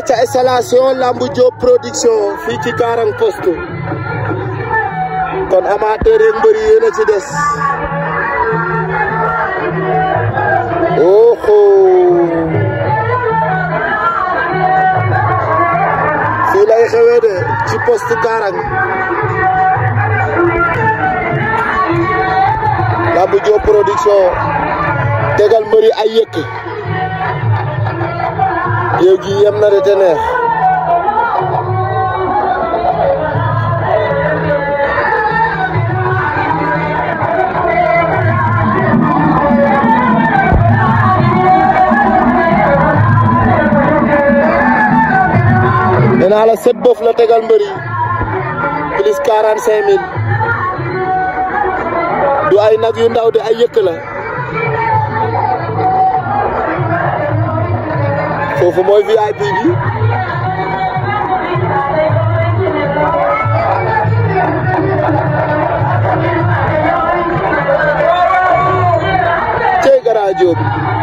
acca installation Lambujo Diop production fii ci Karang Poste kon amateur yeeg mbëri yéen a ci des oho lay de ci poste Karang Lambujo Diop production tegal mbëri ay géej gi yem na de te neex nee la set bof la tegal mbëri plus quarante cinq mille du ay nag yu ndaw de ay yëkk la Fofo mó viadinho, viu? Chega, Rádio.